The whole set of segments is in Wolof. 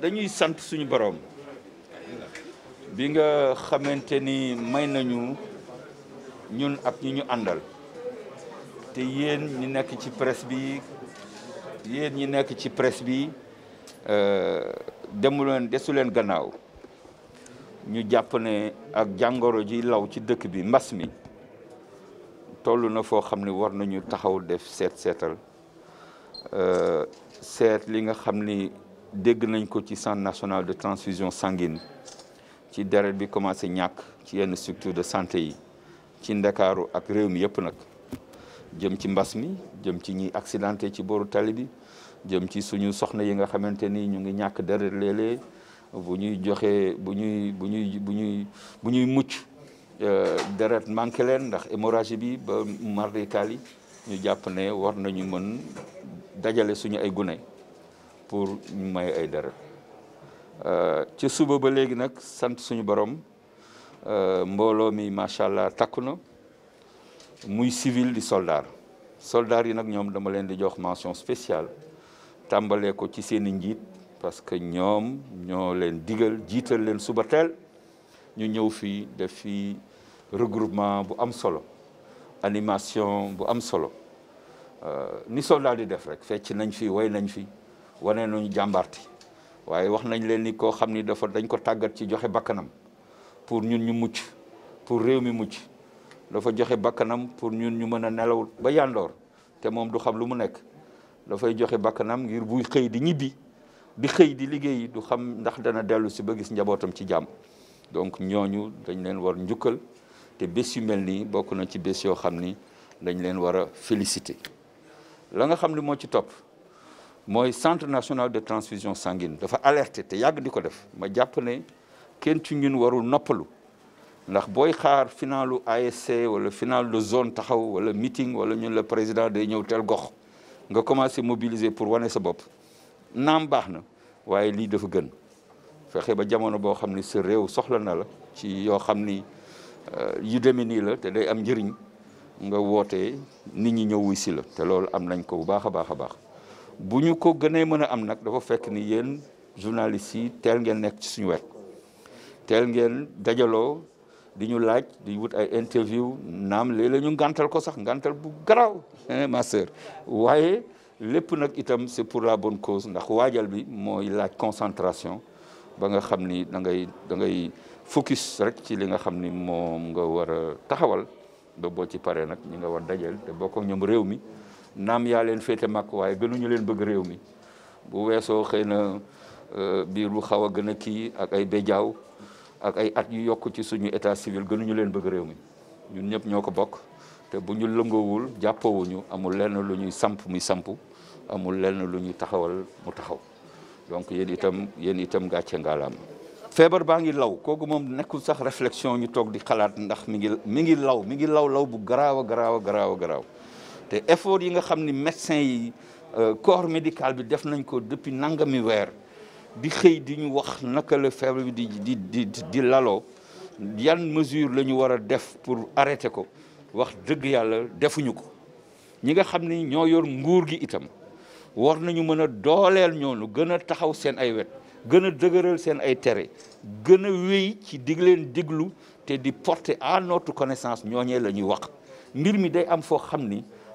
dañuy sant suñu boroom bi nga xamante ni may nañu ñun ak ñi ñu àndal te yéen ñi nekk ci presse bi yéen ñi nekk ci presse bi euh, demu leen desu leen gannaaw ñu jàpp ne ak jàngoro ji law ci dëkk bi mbas mi toll na foo xam ne war nañu taxaw def seet seetal euh, seet li nga xam ni dégg nañ ko ci centre national de transfusion sanguine ci deret bi commencé ñàkk ci yenn structure de santé yi ci ndakaaru ak réew mi yëpp nag jëm ci mbas mi jëm ci ñi accidenté ci booru tali bi jëm ci suñu soxna yi nga xamante ni ñu ngi ñàkk deret léeg-léeg bu ñuy joxe bu ñuy bu ñuy euh, deret manqué leen ndax hémorragie bi ba mardi kaali ñu jàpp ne war nañu mën dajale suñu ay gune pour ñu may ay dara euh, ci suba ba léegi nag sant suñu borom euh, mbolo mi machallah takuna muy civil di soldat soldat yi nak ñom dama leen di jox mention spéciale tambalé ko ci seen njit parce que ñom ñoo leen digël jital leen suba teel ñu ñëw fi def fi regroupement bu am solo animation bu am solo euh ni soldat di def rek fecc nañ fi way nañ fi wane nañu jàmbaarte waye wax nañ leen ni ko xamni dafa dañ ko tàggat ci joxe bakanam pour ñun ñu mucc pour réew mi mucc dafa joxe bakanam pour ñun ñu mëna nelaw ba yandor té mom du xam lu mu nekk dafay joxe bakanam ngir bu xëy di ñibbi di xëy di liggéey du xam ndax dana dellu ci ba gis njabootam ci jamm donc ñoñu dañ leen war ñukkal té bés yu melni nii na ci bés yo xamni dañ leen wara a féliciter la nga xam ni moo ci top moy centre national de transfusion sanguine dafa alerté te yàgg di def ma japp né kén ci ñun warul noppalu ndax boy xaar finalu ASC wala final de zone taxaw wala meeting wala ñun le président day ñew tel gox nga commencé mobiliser pour wane sa bop naam baax na waaye dafa gën fexé ba jamono bo xamni ne sa réew soxla na la ci yo xamni euh, yu demee nii la té day am njëriñ nga woté nit ñi ñëw wuy si la té lool am nañ ko bu baaxa baaxa baax baax si ñu ko le mën am dafa fekk journalistes yi teel ngeen ngeen laaj di wut ay interview naam ñu ko sax bu hein, ma sœur lépp nak itam c'est pour la bonne cause ndax waajal bi moy laaj concentration ba nga xamni da ngay da ngay focus rek ci li nga naam yaa leen féete mag waaye gënuñu leen bëgg réew mi bu weesoo xëy na euh, biir bu xaw a gën a kii ak ay béjaaw ak ay at yu yokk ci suñu état civil gënuñu leen bëgg réew mi ñun ñëpp ñoo ko bokk te bu ñu lëngoowul jàppoowuñu amul lenn lu ñuy samp muy samp amul lenn lu ñuy taxawal mu taxaw donc yéen itam yéen itam gàcce ngaalaam feebar baa ngi law kooku moom nekkul sax réflexion ñu toog di xalaat ndax mi ngi mi ngi law mi ngi law law bu garaaw a garaaw a garaaw a garaaw te effort yi nga xam ni médecin yi euh, corps médical bi def nañ ko depuis nangami weer di xëy di ñu wax naka la feebar bi di di di di laloo yan mesure la ñu war a def pour arrêter ko wax dëgg yàlla defuñu ko ñi nga xam ni ñoo yor nguur gi itam war nañu mën a dooleel ñoonu gën a taxaw seen ay wet gën a dëgëral seen ay tere gën a wéy ci digleen leen diglu te di porter à notre connaissance ñooñee la ñuy wax mbir mi day am foo xam ni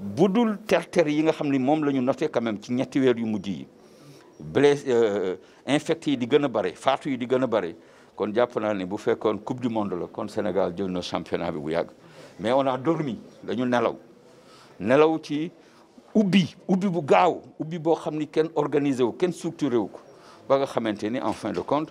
budul dul terter yi nga xamni mom lañu la noté quand même ci ñetti wër yu mujj yi blessé euh, euh, infecté di gëna a bare faatu yi di gëna a kon jàpp naa ni bu fekkon coupe du monde la kon Sénégal jël na championnat bi bu yàgg mais on a dormi dañu nelaw nelaw ci ubi ubi bu gaaw ubi bo xamni ken organisé wu ken structuré wu ba nga xamanteni en fin de compte